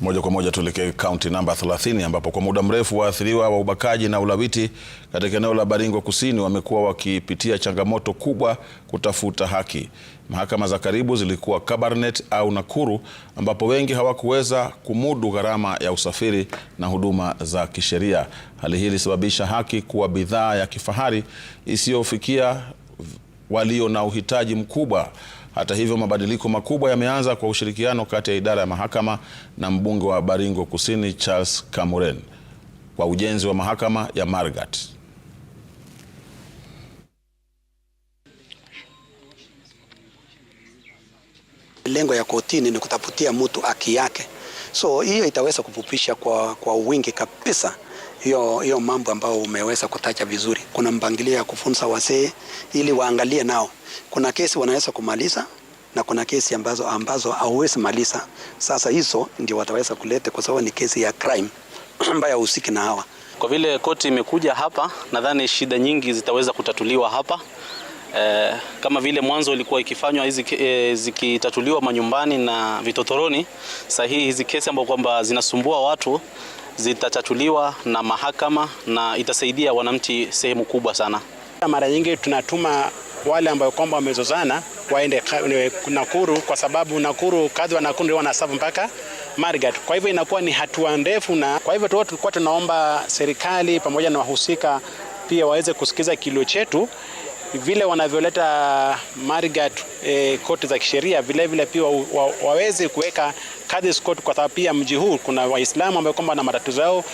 Moja kwa moja tuelekee kaunti namba 30 ambapo kwa muda mrefu waathiriwa wa ubakaji na ulawiti katika eneo la Baringo Kusini wamekuwa wakipitia changamoto kubwa kutafuta haki. Mahakama za karibu zilikuwa Kabarnet au Nakuru ambapo wengi hawakuweza kumudu gharama ya usafiri na huduma za kisheria. Hali hii ilisababisha haki kuwa bidhaa ya kifahari isiyofikia walio na uhitaji mkubwa. Hata hivyo, mabadiliko makubwa yameanza kwa ushirikiano kati ya idara ya mahakama na mbunge wa Baringo Kusini Charles Kamuren kwa ujenzi wa mahakama ya Margat. Lengo ya kotini ni kutafutia mtu haki yake, so hiyo itaweza kufupisha kwa, kwa wingi kabisa hiyo hiyo mambo ambayo umeweza kutaja vizuri. Kuna mpangilio ya kufunza wazee ili waangalie nao, kuna kesi wanaweza kumaliza na kuna kesi ambazo ambazo hauwezi maliza. Sasa hizo ndio wataweza kuleta, kwa sababu ni kesi ya crime ambayo husiki na hawa. Kwa vile koti imekuja hapa, nadhani shida nyingi zitaweza kutatuliwa hapa. E, kama vile mwanzo ilikuwa ikifanywa hizi e, zikitatuliwa manyumbani na vitotoroni, sasa hizi kesi ambazo kwamba zinasumbua watu zitatatuliwa na mahakama na itasaidia wananchi sehemu kubwa sana. Mara nyingi tunatuma wale ambao kwamba wamezozana waende Nakuru kwa sababu Nakuru kadhi wa Nakuru ndio wanasafu mpaka Marigat. Kwa hivyo inakuwa ni hatua ndefu, na kwa hivyo tulikuwa tunaomba serikali pamoja na wahusika pia waweze kusikiza kilio chetu vile wanavyoleta marigat e, eh, koti za kisheria vilevile pia wa, wa, waweze kuweka kadhi kwa sababu pia mji huu kuna Waislamu ambao kwamba na matatizo yao.